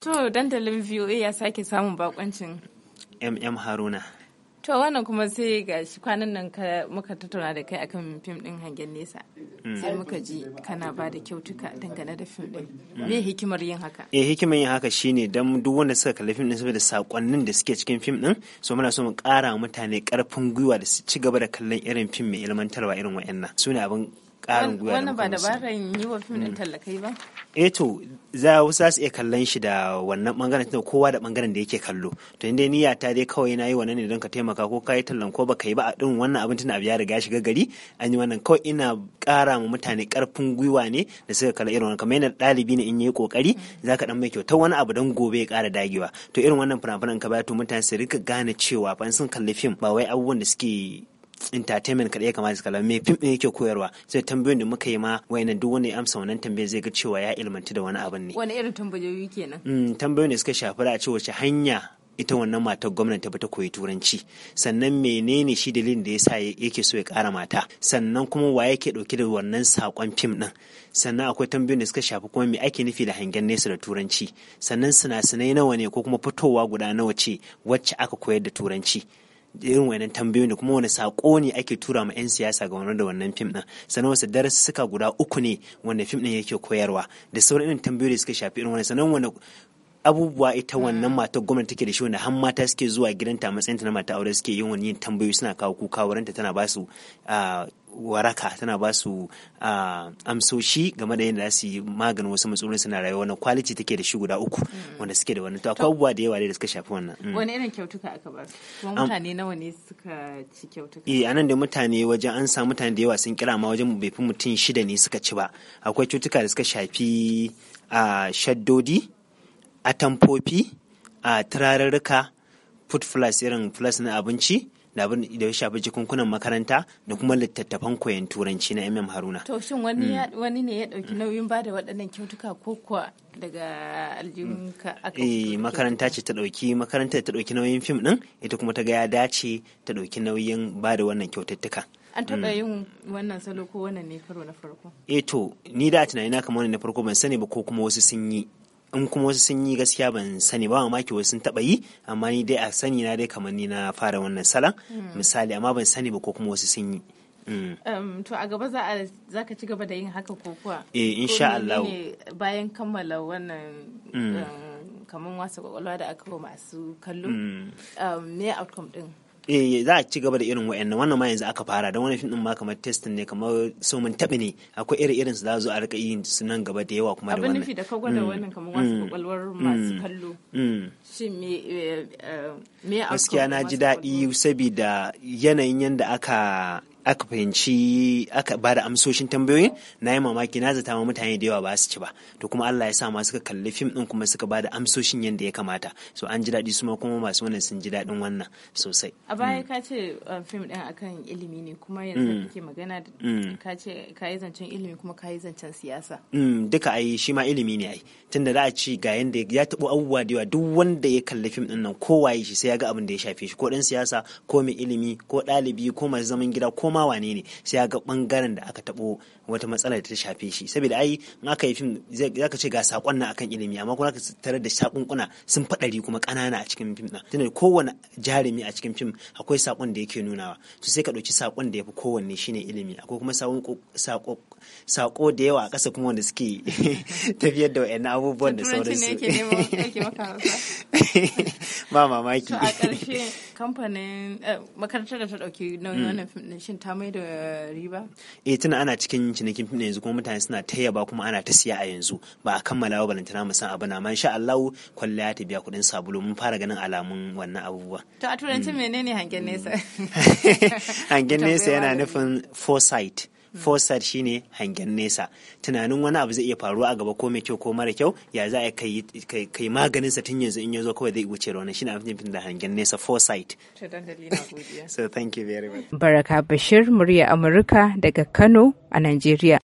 To dandalin VOA ya sake samun bakoncin. MM Haruna. To wannan kuma sai ga shi kwanan nan muka tattauna da kai akan fim din hangen nesa. Mm. Sai muka ji kana ba da kyautuka dangane da fim din. Mm. Me hikimar yin haka? Eh hikimar yin haka shine dan duk wanda suka kalli fim din saboda sakonnin da suke cikin fim din so muna so mu kara mutane karfin gwiwa da su ci gaba da kallon irin fim mai ilmantarwa irin wayannan. Sune abin ƙarin gwiwa wannan ba dabaran yi wa fim din mm. tallakai ba eh to za wasu su iya kallon shi da wannan bangaren tunda kowa da bangaren da yake kallo to inda niyya ta dai kawai na yi wannan ne don ka taimaka ko ka yi tallan ko baka yi ba a din wannan abin tunda abu ya riga shiga gari an yi wannan kawai ina ƙara ma mutane ƙarfin gwiwa ne da suka kalla irin wannan kamar yana dalibi ne in yi kokari mm. za ka dan mai ta wani abu don gobe ya ƙara dagewa to irin wannan fina-finan ka ba to mutane su rika gane cewa fa sun kalli fim ba wai abubuwan da suke entertainment kaɗai ya kamata su me fim ɗin yake koyarwa sai tambayoyin da muka yi ma wayannan duk wanda ya amsa wannan tambayar zai ga cewa ya ilmanta da wani abin ne wani irin tambayoyi kenan mm, tambayoyin da suka shafi a ce wace hanya ita wannan matar gwamnati ba ta koyi turanci sannan menene shi dalilin da ya yasa yake so ya ƙara mata sannan kuma wa yake ɗauke da wannan saƙon fim ɗin? sannan akwai tambayoyin da suka shafi kuma me ake nufi da hangen nesa da turanci sannan sinasinai nawa ne ko kuma fitowa guda nawa ce wacce aka koyar da turanci irin wannan tambayoyi da kuma wani sako ne ake tura ma 'yan siyasa ga wannan da wannan fim din sannan wasu darussuka guda uku ne wanda fim din yake koyarwa da sauran irin tambayoyi da suka shafi irin wannan sannan wani abubuwa ita wannan mm. matar gwamnati take da shi wanda har mata suke zuwa gidanta matsayin ta na mata aure suke yin wani tambayoyi suna kawo kuka wurinta tana ba su waraka tana ba su amsoshi game da yadda su yi maganin wasu matsalolin suna rayuwa na kwaliti take da shi guda uku mm. wanda suke da wannan to akwai abubuwa da yawa da suka shafi wannan mm. wani irin kyautuka aka ba su, kuma mutane nawa ne suka ci kyautuka eh anan da mutane wajen an samu mutane da yawa sun kira ma wajen bai fi mutum shida ne suka ci ba akwai cutuka da suka shafi shaddodi atamfofi a turarurruka food plus irin plus na abinci da abin da ya shafi jikunkunan makaranta da kuma littattafan koyon turanci na mm haruna to shin wani mm. ne ya dauki nauyin ba da waɗannan kyautuka ko kuwa daga aljihunka aka eh makaranta ce ta dauki makaranta ta dauki nauyin fim din ita kuma ta ga ya dace ta dauki nauyin ba da wannan kyaututtuka an taɓa mm. yin wannan salo ko wannan ne karo na farko eh to ni da tunani na kamar na farko ban sani ba ko kuma wasu sun yi in kuma wasu sun yi gaskiya ban sani ba mamaki wasu sun taba yi amma ni dai a sani na dai kamar ni na fara wannan salon hmm. misali amma ban sani ba ko kuma wasu sun yi hmm. um, to a gaba za ka ci gaba da yin haka ko kuwa eh insha Allah bayan kammala wannan hmm. um, kamar wasa kwakwalwa da aka masu kallo um, me outcome din eh za a ci gaba da irin wa'annan wannan ma yanzu aka fara don wani fim din ma kamar testing ne kamar so mun tabi ne akwai iri irin su za zo a rika yin su nan gaba da yawa kuma da wannan abin nufi da ka gwada mm. wannan kamar wasu mm. kwakwalwar mm. masu kallo shi me eh, eh, me gaskiya na ji daɗi saboda yanayin yanda aka aka fahimci aka ba da amsoshin tambayoyin na yi mamaki na zata ma mutane da yawa ba su ci ba to kuma Allah ya sa ma suka kalli fim din kuma suka ba da amsoshin yadda ya kamata so an ji daɗi su kuma masu wannan sun ji daɗin wannan sosai a baya mm. ka ce uh, fim din akan ilimi ne kuma yanzu mm. kake magana mm. ka ce ka yi zancen ilimi kuma ka yi zancen siyasa duka ai shi ma ilimi ne ai tunda za a ci ga yanda ya taɓo abubuwa da yawa duk wanda ya kalli fim din nan kowaye shi sai ya ga abin da ya shafe shi ko ɗan siyasa ko mai ilimi ko ɗalibi ko mai zaman gida ko koma wane ne sai ga bangaren da aka tabo wata matsala da ta shafe shi saboda ai in aka yi fim za ka ce ga sakon na akan ilimi amma kuma ka tare da sakunkuna sun fadari kuma kanana a cikin fim din tunda kowane jarumi a cikin fim akwai sakon da yake nunawa to sai ka dauki sakon da yafi kowanne shine ilimi akwai kuma sako sako da yawa a ƙasa kuma wanda suke tafiyar da wayannan abubuwan da su ba mamaki a ƙarshe kamfanin eh, makarantar da ta dauki nauyin wannan fim din shin ta mai da riba? Eh tuna ana cikin cinikin fim yanzu kuma mutane suna ta yaba kuma ana ta siya a yanzu ba a kammala ba balantana mu san abu na man sha Allah kwalla ya ta biya kuɗin sabulu mun fara ganin alamun wannan abubuwa. To a turanci mm. menene hangen nesa? Hangen nesa yana nufin foresight. foresight shine hangen nesa tunanin wani abu zai iya faruwa a gaba ko mai kyau ko mara kyau ya za a kai maganin sa tun yanzu in yazo kawai zai wuce wannan shine abin da hangen nesa foresight so thank you very much baraka bashir murya amurka daga kano a nigeria